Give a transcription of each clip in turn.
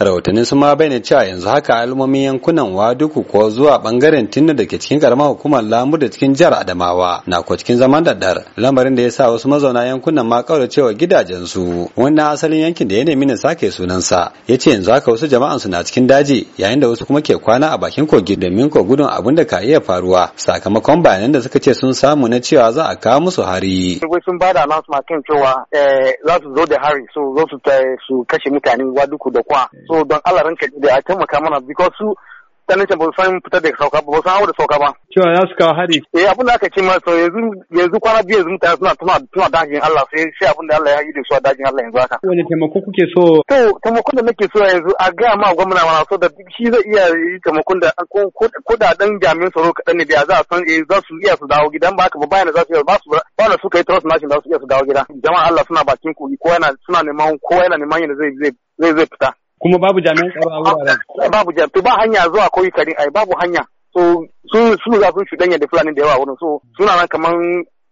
rahotanni sun ma bayyana cewa yanzu haka al'ummomin yankunan waduku ko zuwa bangaren tinda da ke cikin karamar hukumar lamu da cikin jihar adamawa na ko cikin zaman daddar lamarin da ya sa wasu mazauna yankunan ma kaura cewa gidajensu wannan asalin yankin da ya nemi na sake sunansa ya ce yanzu haka wasu jama'an su na cikin daji yayin da wasu kuma ke kwana a bakin kogi domin ko gudun abin da ka iya faruwa sakamakon bayanan da suka ce sun samu na cewa za a kawo musu hari. sun ba da ma kan cewa eh, za su zo da hari su zo su kashe mutane waduku da kwa so don Allah ranka da a taimaka mana because su tanancin ba su san fitar da sauka ba su hau da sauka ba. Cewa ya suka hari. Eh abin da aka ce masa yanzu yanzu kwana biyu yanzu mutane suna tuna tuna dajin Allah sai sai abin da Allah ya yi da su a dajin Allah yanzu haka. Wani taimako kuke so? To taimakon da nake so yanzu a ga ma gwamna mana so da shi zai iya yi taimakon da dan jami'in tsaro kaɗan ne da za a san eh, za su iya su dawo gida ba haka ba bayan za su iya ba su ba da su kai trust nation za su iya su dawo gida. Jama'a Allah suna bakin kogi ko yana suna neman ko yana neman yadda zai zai zai fita. kuma babu jami'an tsaro a wuraren babu jami'an to ba hanya zuwa koyi ne ai babu hanya so su su za shi danya da fulani da yawa wurin so suna nan kaman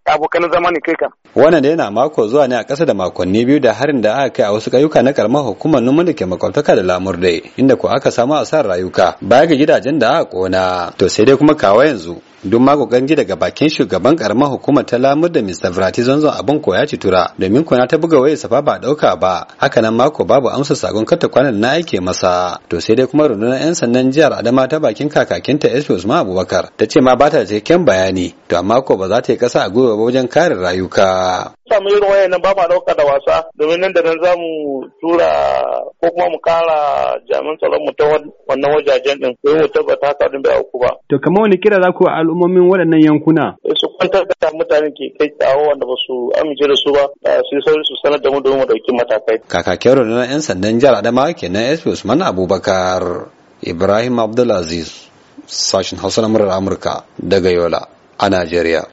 abokan zama ne kai ka. Wannan da yana mako zuwa ne a ƙasa da makonni biyu da harin da aka kai a wasu ƙauyuka na karamar hukumar numan da ke makwabtaka da lamurde inda ko aka samu asarar rayuka baya ga gidajen da aka kona to sai dai kuma kawa yanzu duk mako ganji daga bakin shugaban karamar hukumar ta lamur da mr vrati zanzon abin koya ci tura domin kuna ta buga waya safa ba dauka ba hakanan mako babu amsa sagon kata kwanan na aike masa to sai dai kuma rundunar yan sannan jihar adama ta bakin kakakinta sp usman abubakar ta ce ma ba ta cikakken bayani to amma ko ba za ta yi kasa a gwiwa ba wajen kare rayuka samu irin wayannan ba ma dauka da wasa domin nan da nan za mu tura ko kuma mu kara jami'an tsaron mu ta wannan wajajen din ko mu tabbata ka din bai auku ba to kamar wani kira za ku al'ummomin waɗannan yankuna eh, su kwantar da mutane ke kai tsawo wanda ba su amince da su ba sai sauri su sanar da mu domin mu dauki matakai kakakin rundunar yan sandan jihar adama kenan sp usman abubakar ibrahim abdulaziz sashen hausa na murar amurka daga yola a najeriya